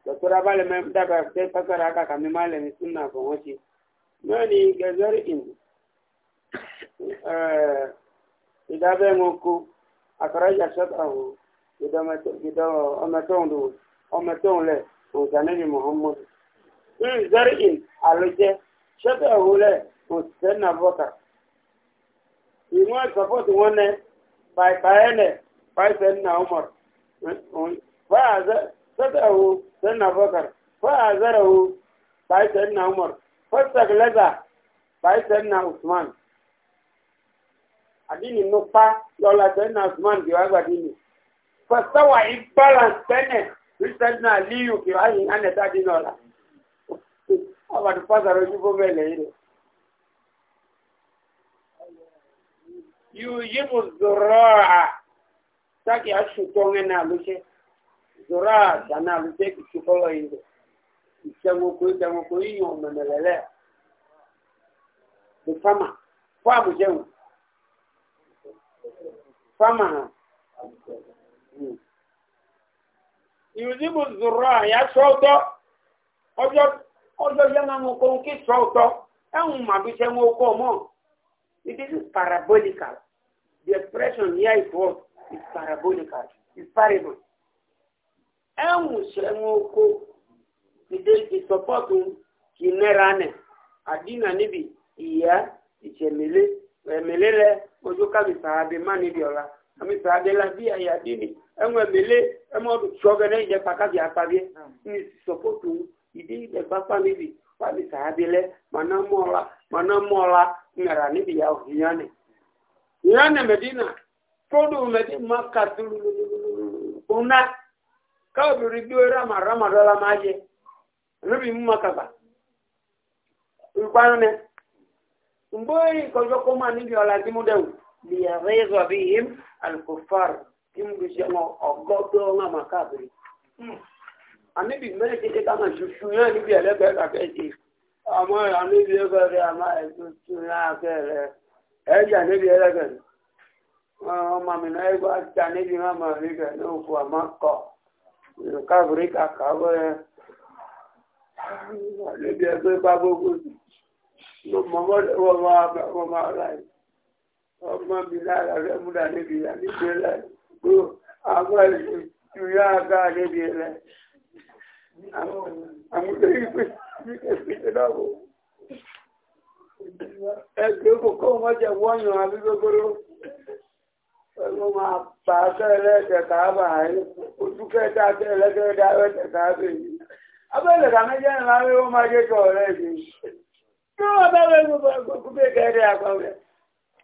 dọ̀tọ́ra balẹ̀ mẹ́ dábàá tẹ́ pására kàkà mi má ní súnà fọ̀wọ́n ṣe. nani ga zar'in eh, idan bai muku a karajar shat'ahu idan ọmọtọ́hun lẹ̀ òǹtànẹ́bì muhammad ń zar'in alójẹ́ shat'ahu lẹ̀ òǹtẹ́nà bọ́kà ìwọ̀n sọpọ́tù wọn nẹ pàìpàẹ́lẹ̀ pàìpàẹ́lẹ̀ na umar hmm, hmm, shat'ahu sẹ́nà bọ́kà fa'azarahu pàìpàẹ́lẹ̀ na umar fọ́sẹ̀gẹ́lẹ́gbà báyìí sẹ́nà usman adini nupa yọlá sẹ́nà usman kì wá gbàdínì wa ìbálànsì tẹ́nẹ̀ rí na aliyu kì wá yìí ánẹ̀tà dínà ọ̀la ọbàdì fọ́sẹ̀rẹ́ ojú fún bẹ́ẹ̀ lẹ́yìn rẹ̀. yóò yí mu zòrò à sákì aṣùtọ́ ń ẹ̀ náà lóṣẹ́ zòrò à dáná lóṣẹ́ kìí ṣe fọ́lọ́ yìí ìṣẹ́gbogbo ìṣẹ́gbogbo yíyan ọ̀mọ̀mẹ̀lẹ́lẹ́ the farmer fáàmù jẹun farmer hàn ìrùdíbò zòrò àyà sọ́ọ̀tọ́ ọjọ́ ọjọ́ yẹ́nà mú kó ń kí sọ́ọ̀tọ́ ẹ̀hùn màbíṣẹ́ mú kó mọ́ it is parabolical the expression here it was is parabolical is parable ẹ̀hùn ṣẹ́ mú kó ìdè ìsọpọ́tù kì í nẹ́ra nẹ̀ àdínà níbi ìyá ìṣẹ̀mẹ̀lẹ́ ẹ̀mẹ̀lẹ́ lẹ ojú kábi sàábì má níbi ọ̀la àmì sàábì la bí àyà dínì ẹ̀wọ̀n ẹ̀mẹ̀lẹ́ ẹ̀mọ́dù tíọ́gẹ́ náà ìjẹ́ pàkàbí àpàbí ní ìsọpọ́tù ìdè ìgbàpá níbi wàbí sàábì lẹ màná mọ́ọ̀la màná mọ́ọ̀la nẹ́ra níbi ìyá òhìyànẹ̀ ìyànẹ̀ mẹ́dínà fóònù mẹ́dínà má kà tó lulululu kóná káwọ́ bìrì gbé ramadọ́la má yẹ anabi mu makaba nkpanu ne mboyi kɔjɔ kɔma níbi ɔla dimu dɛw liyare rabi yim alikofar dimu bi sɛ ŋɔ ɔgɔ dɔɔ ŋa ma kaabiri anabi mɛrɛ tete kama susu yɛ níbi ɛlɛ bɛ ka kɛ ti ama anabi yɛ bɛrɛ ama susu yɛ kɛ lɛ ɛdi anabi yɛ lɛ kɛ ɔma mi na yɛ gba ti anabi ma ma mi kɛ n'o fo ama Àlejò ẹgbẹ́ bá gbogbo ló mọ mọ́lẹ́wọ́ ọmọ ara yìí. Ọmọ mi lára rẹ̀ múra níbi ìyá níbi ẹlẹ́. Gbogbo àwọn ẹ̀sìn ju yá aga níbi ẹlẹ́. Àwọn ìgbé ìgbé ìgbé náà wò. Ẹgbẹ́ kòkó wọn jẹ wọ́nyàn àbí gbogbo pẹ̀lú máa bá a tẹ́lẹ̀ tẹ̀ka báyìí ojú kẹta tẹ́lẹ̀ tẹ́lẹ̀ dáwọ́ tẹ̀ka bẹ́ẹ̀ yìí abẹ́lẹ̀ kàmẹ́jẹ́ ńlá rí ó máa jẹ́kọ̀ ọ̀rẹ́ ìbí tí wọ́n bá wẹ́ gbogbo gẹ́gẹ́ àpapẹ̀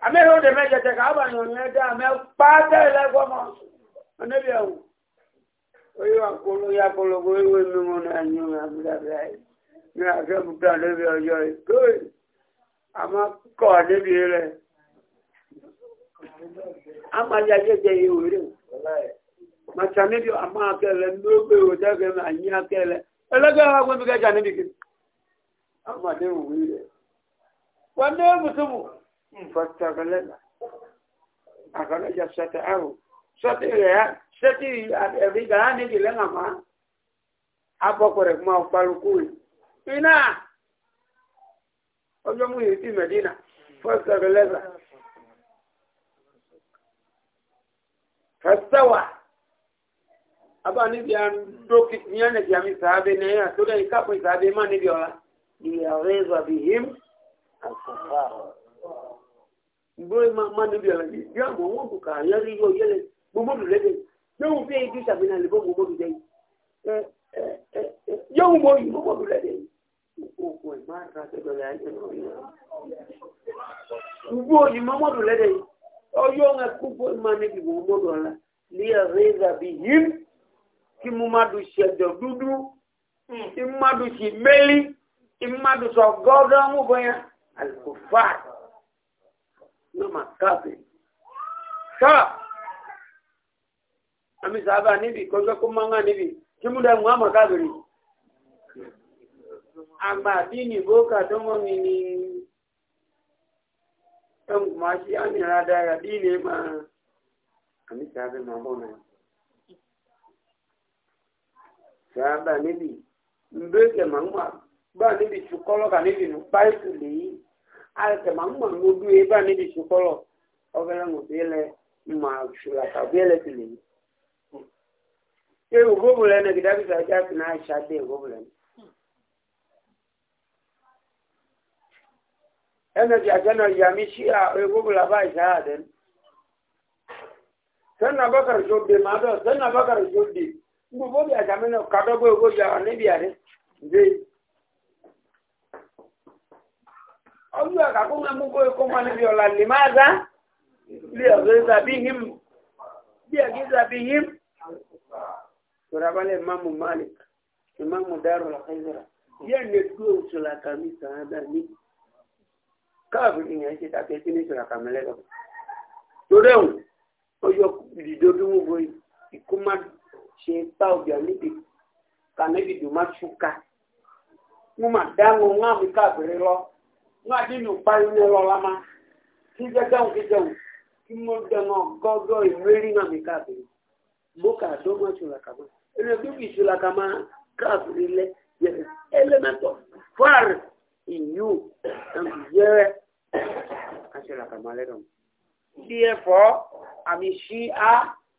àmẹ́rin ó dẹ̀ mẹ́jẹ tẹ̀ka àbànú ẹ̀dá àmẹ́ pátá ẹlẹ́gbọ́mọ oníbi ẹ̀wù oyè wà kúrú ya kúlógún ewé mímú náà ní ọmọ abúlé ní àfẹ́mùtà níbi ọjọ́ ìkóyè àmọ́ kọ́ níbi rẹ̀ àmàlẹ́ ajẹ́jẹ́ ìwé rẹ̀ màtà níbi àmọ́ akẹ́lẹ̀ ní ó gbé òjá kẹ́lẹ̀ àyín akẹ́lẹ̀ ẹlẹ́gbẹ́ wa gbẹ́mí kẹjà níbi kiri amade òwe rẹ̀ wọ́n dé mùsùlùmù nfọ̀tàkọlẹ́nà àkọlẹ́jà sọtẹ àrùn sọtẹ rẹ̀ sẹtì ẹ̀rí gàá níbi lẹ́nà má abọ́kọ̀ rẹ̀ kuma ọ̀pálukú yìí iná ọjọ́ mú yìí ti mẹ̀dínà fọ̀tàkọlẹ́nà fẹ̀sẹ̀wà aba ni bia ndoki nyane bia mi sahabe ne ya toda ikapo sahabe mani bia ni yareza bihim al-kufar boy ma mani bia ni bia mo wo ku ka ya ri yo yele mo mo le de yo wo pe ju sabe na le bo mo de eh eh yo wo mo mo le de o ko ma ra te do ya no yo ni mo mo le de o yo nga ku bo mani bi mo mo do la li yareza bihim kí mmadụ si edodudu kí mmadụ si meli kí mmadụ sọ gọdọ ọmụgwọ ya alikufa nama kafe sa ami saba nibi kọjọ kó manga nibi kí mu dẹ mu ama kafiri agba bí ni bó ka tó mọ mi ni ẹ nkùmá sí àmì rádà yà bí ni ma ami ba nibi mbẹ́kẹ̀ máa ń wà bá níbi tsukọ́lọ́ nibi níbi nù páìpù lèyí àìkẹ̀ máa ń wà ní ojú yẹ bá níbi tsukọ́lọ́ ọ̀fẹ́ lẹ́nu bí ewu gbogbo lẹ nẹ kìtàbí sàájà fi náà ṣàdé gbogbo lẹ nẹ. ẹnna ti àjẹnà yàmi sí gbogbo bí àjàmí náà kàdọ́gbé ogó ya níbi àrí dé ọjọ́ àkàkọ́ mẹ́mú kó ikọ́ máa níbi ọ̀la lè máa dá lè ọ̀dọ́ ìsàbí him bí ẹ̀kí ìsàbí him tòrábálẹ̀ ìmáàmù malik ìmáàmù dárò làkàìsìrà yẹ́ ní tú oṣù làkàmí sàádà ní káàbìrì yẹn ṣe tàbí ẹtí ní oṣù làkàmí lẹ́dọ̀ torí ẹ̀hún ó ìdìdó bí shepa ubyanibi kanebi dumachuka muma dango nga mikabiri lo nga dinu payune lo lama kijajau kijau kimodango gogo imweli nga mikabiri moka adoma chula kama ele duki chula kama kafiri le elemento far in you and yere achula kama le dom therefore ami shia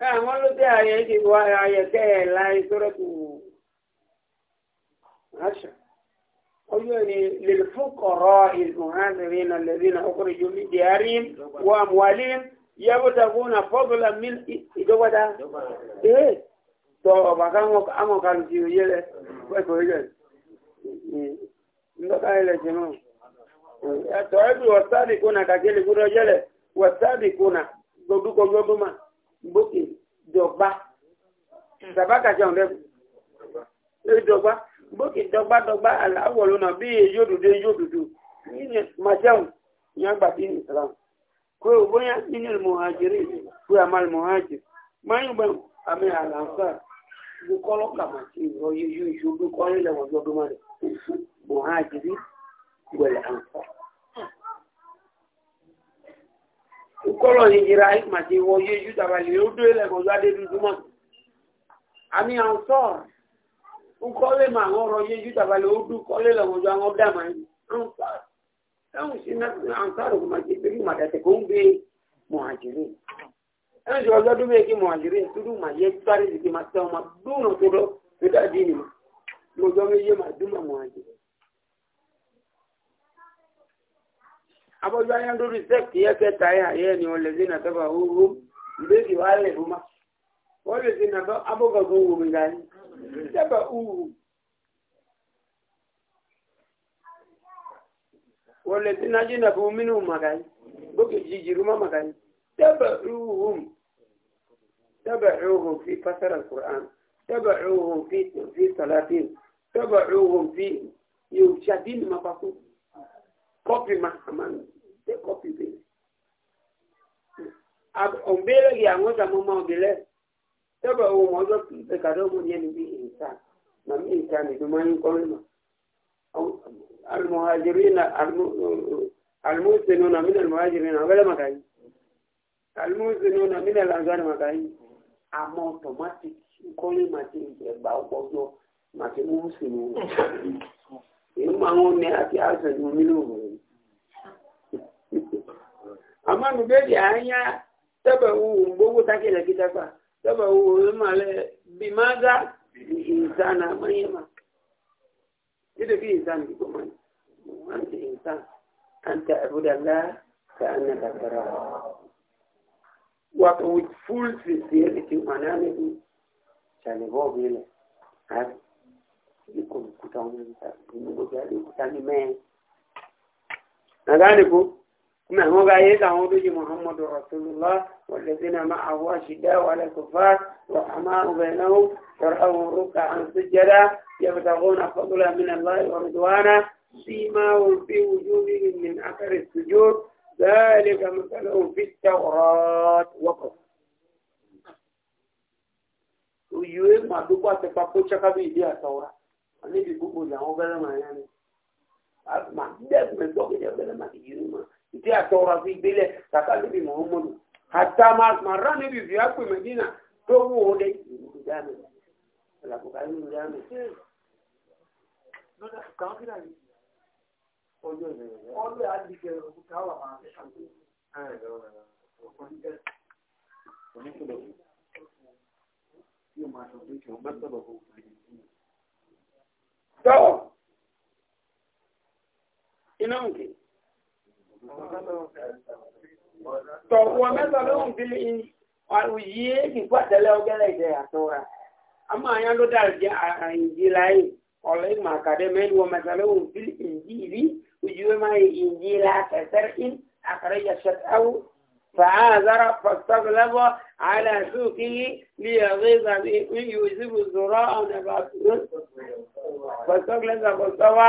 káàmọ́ ah, ló dé ààyè ń dìbò ayẹ̀kẹ́ ẹ̀ láì sọ́rọ́ kù àṣà ọjọ́ ni lèlè fún kọ̀rọ̀ ìmọ̀hánìrín náà lèrí náà ọkùnrin yomi diari wọ àmúwálé yẹ́bùtà fún àfọ́gùlà mí ìjọba ee tọ ọba káwọn kan ti yẹ lẹ pẹ̀kọ̀ yẹ ndọ́ka yẹ lẹ jẹ náà ẹ̀tọ́ ẹ̀dùn ọ̀sádìkúnà kàkẹ́lẹ̀ kúrọ̀ yẹ lẹ̀ ọ̀sádìkúnà gbọdúkọ̀ gbọdúmà gbókè dọ̀gba bàbá kàjá ọ̀rẹ́ lórí dọ̀gba gbókè dọ̀gba dọ̀gba aláwọ̀ lónà bí èyí òdòdó èyí òdòdó yìí máa jẹun ní àgbàdì ní islam kó o bóyá nínú mọ̀hájírì kó o àmà mọ̀hájì máa ń gbọ́n àmì àlàáfà gbókọ́lọ́ kàmá sí ìrọ̀ yíyú ìṣògbó kọ́rin lẹ́wọ̀n ọdún mọ́rin mọ̀hájírì wẹ̀lẹ̀ àǹfà. kọ́lọ̀ ìjìra ìmàtí wọ yéjú tàbàlì ó dúró lẹ́kọ̀ọ́ adé dúdú mọ́ àmì àwọn sọ́ọ̀rọ̀ ń kọ́lé mà àwọn ọ̀rọ̀ yéjú tàbàlì ó dúró kọ́lé lẹ́kọ̀ọ́ àwọn dàmà ẹ̀hùn sí àǹsàrò kò máa ti pé kí màdàtẹ̀ kó ń gbé mọ̀hàjìrì ẹ̀hùn sí ọjọ́ dúró kí mọ̀hàjìrì dúdú mà yẹ sáré sì ti máa tẹ́ ọmọ dúró tó dọ́ tó dá dì nìyẹn lọ́jọ́ méjì máa dúmọ̀ mọ̀hàjìrì abọ́jú ayé ń lórí sẹ́ẹ̀kì yẹ́ kẹta ayé ayé ni wọ́n lè sí nàtọ́fà owó ìbéèkì wà lè fún ma wọ́n lè sí nàtọ́ abọ́gọ̀gọ̀ wò mí láyé sẹ́ẹ̀bà uwu wọ́n lè sí nàjí nàfọ́ mínú màgáyé bókè jìjìrú má màgáyé sẹ́ẹ̀bà uwu sẹ́ẹ̀bà uwu fi pásárà kùrán sẹ́ẹ̀bà uwu fi tọ́lá fi sẹ́ẹ̀bà uwu fi yóò ṣàdínì má pàkó copy mahaman de copy be ombele ya ngoza mama obele tebe o mojo pe kado mo ni ni bi insa na mi insa ni duma ni ko ma al muhajirin al al muslimuna min al muhajirin wala makai al muslimuna min al ansar makai ama automatic ko ni ma ti je ba ojo ma ti muslimu e ma won ni ati asan mi lo ama nu bɛ di anya taba wu gbogbo take la kita fa taba wu ma le bi maza insana mayema ile bi insana bi kuma ti insan anta abudallah ka annaka tara wa with full sincerity manane bi chane bo bile ha iko ta ni ngoja ni kutani me nadhani ko kuma àwọn ọba ayé làwọn olóyè muhammadu rasulillah wàlẹ́sìnà máa àwọn àṣìdá wàlẹ́ kòfà wàhámà ọbẹ̀náwó sọ̀rọ̀ àwọn orúkà àǹtí jẹ́dá yabtaguna fadlan min allahi wa ridwana simahum fi wujuhihim min athari sujud ذلك مثلهم في التوراة وقف òyìnbó máa dúpọ̀ àtẹ̀pá kó ṣáká bí ìdí àtọ̀wá níbi gbogbo làwọn bẹ́rẹ̀ máa yá ni. màá dẹ́gbẹ̀ẹ́ gbọ́ kí ẹ bẹ́rẹ̀ nti atɔra fi gbélé kaka níbi muhammadu ata mara níbi fi akpè medina tó wù ó dé ìlú dáná alakoka ìlú dáná. ọlọ́ yà á di kẹrẹ tọ́wọ̀ iná òkè tọ̀wọ́ mẹ́ta ló ń bílí yìí ìpàtẹ́lẹ̀ ọgẹ́lẹ̀ ìdẹ àtọ́ra a máa yán ló dàrú jẹ́ àìjí láyé ọ̀lẹ́ ìmọ̀ àkàdẹ́mẹ́ ìwọ̀ mẹ́ta ló ń bílí ìjì ìrí ìjìwé máa ìjì látẹ̀sẹ̀ in àkàrẹ́jà ṣẹ́tàwó فعاذر فاستغلب على سوقه ليغيظ بهم يوسف الزراء نبات فاستغلب فاستوى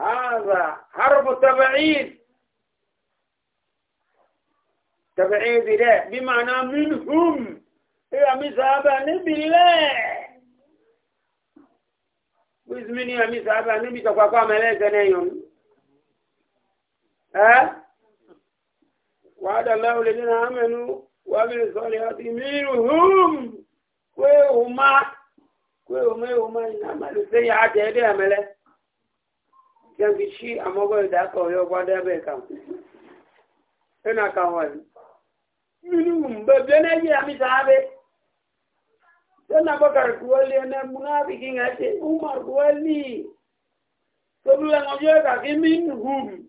هذا حرب تبعيد تبعيد له بمعنى منهم إيه يا مسابة نبي الله وإزمني يا مسابة نبي تفاقا ملايك نيون ها وعد الله الذين آمنوا وعملوا الصالحات منهم وهما وهما وهما إنما لسيعة يدها ملايك yanzu shi a magoyi da aka wayo gwada bai kan ina kan wani minimum ba bene ji a misa abe sannan bakar kuwalli yana munafikin a ce umar kuwalli sabulan ojo kaki min hum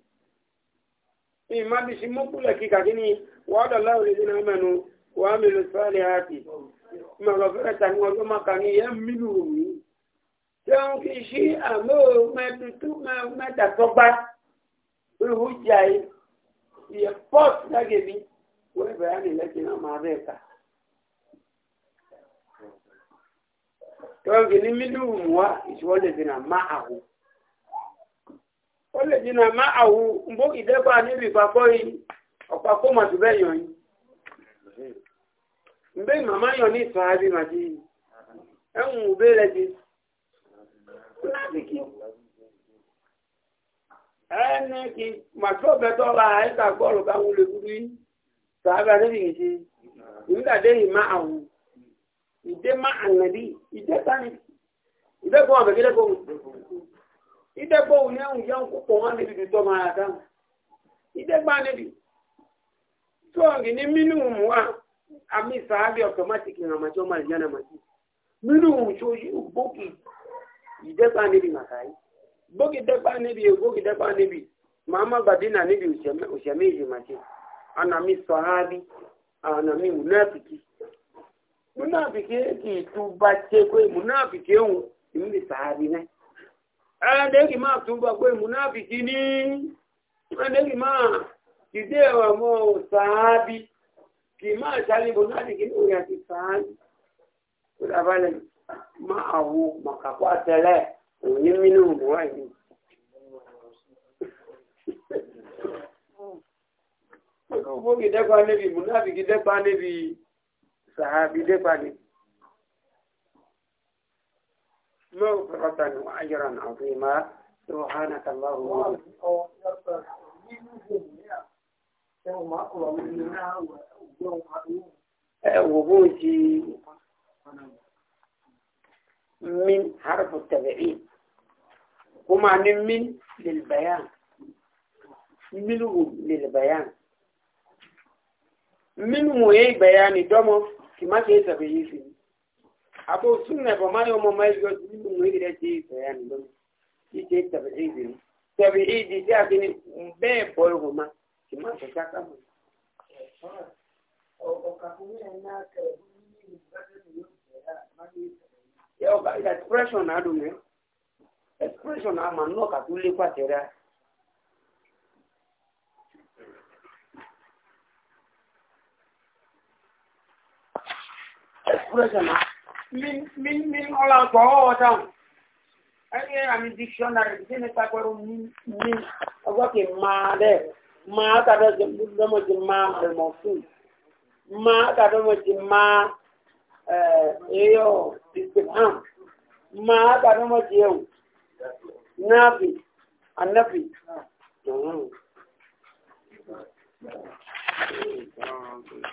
ima bi shi mokula ki kaki ni wadda lauri zina manu wa milu salihati magafirata ni wajo makani yan minimum tẹ́wọ́n kì í ṣí àmọ́ mẹ́tutù mẹ́tàtọ́gbá ìhú jà ìyẹ pọ́t lágèbí wọ́n wọ́n máa bẹ́ẹ̀ kà. tẹ́wọ́n kì ní mílíù wá ìṣòwò lè dènà má àwò. ó lè dènà má àwò mbó ìdẹ́gbà lábìkì ẹni kí màtúọ̀bẹ̀tọ̀ la ẹ̀ka gbọ́rọ̀ bá wọlé kúrú yìí sàábà níbi ìṣe ìmúdàdé ìmá àwọn ìdé má ànàbí ìdé tani ìdé kó wọn bẹ̀kí dẹ́kọ̀ ìdé kó wọn yẹn ń yẹn kókò wọn níbi tó tọ́ máa dá ìdé gbá níbi tó ọ̀gì ní mínímù wa àmì sàábì ọ̀tọ̀mátìkì ràn màjọ́ máa yánà màjọ́ mínímù tó yí ògbókì ìdẹ́gbà níbi màkàí gbógi dẹ́gbà níbi gbógi dẹ́gbà níbi màmá gbàdínà níbi òṣèmí ìṣèmàṣe anami sọ̀hábí anami múnáàfìkì múnáàfìkì kì í tún bá ṣe pé múnáàfìkì òun ìmú ni sọ̀hábí náà ẹ̀ẹ́dẹ́ kì máa tún bá pé múnáàfìkì ní ẹ̀ẹ́dẹ́ kì máa dìde ọmọ sọ̀hábí kì máa ṣàlìbọ̀ náà kì ní òun àti sọ̀hábí kó dàbálẹ̀ yìí. ma àwo màkàkọ́ onye òun onye mílíọ̀nù wáyé. Gbogbo gidẹ́pa níbi Mùnáfi gidẹ́pa níbi Sàhábì dẹ́pa ni. مغفرة وأجرا عظيما من حرف التبعيد ومعنى من للبيان منه للبيان من أي بيان دومو كما تسبيه فيه أبو سنة فما يوم ما يجوز منه إلى شيء بيان دومو شيء تبعيد تبعيد لكن بيه بويه ما كما تسبيه أو كفوية هناك من يبدأ من يوم ọka expression adụme expression ama nnọọ ka ule kwatere expression a min min ọla nkọ ọghọta ẹni àmì dictionary ti ní takwaro min ọgọ́kì máa dẹ̀ máa kàdọ́ jẹ́ mọ́ jẹ́ máa rẹ̀ mọ̀ fún máa kàdọ́ mọ́ hiyo eh, eh, oh, istifham ah. ma haka kama yau nafi annafi ah.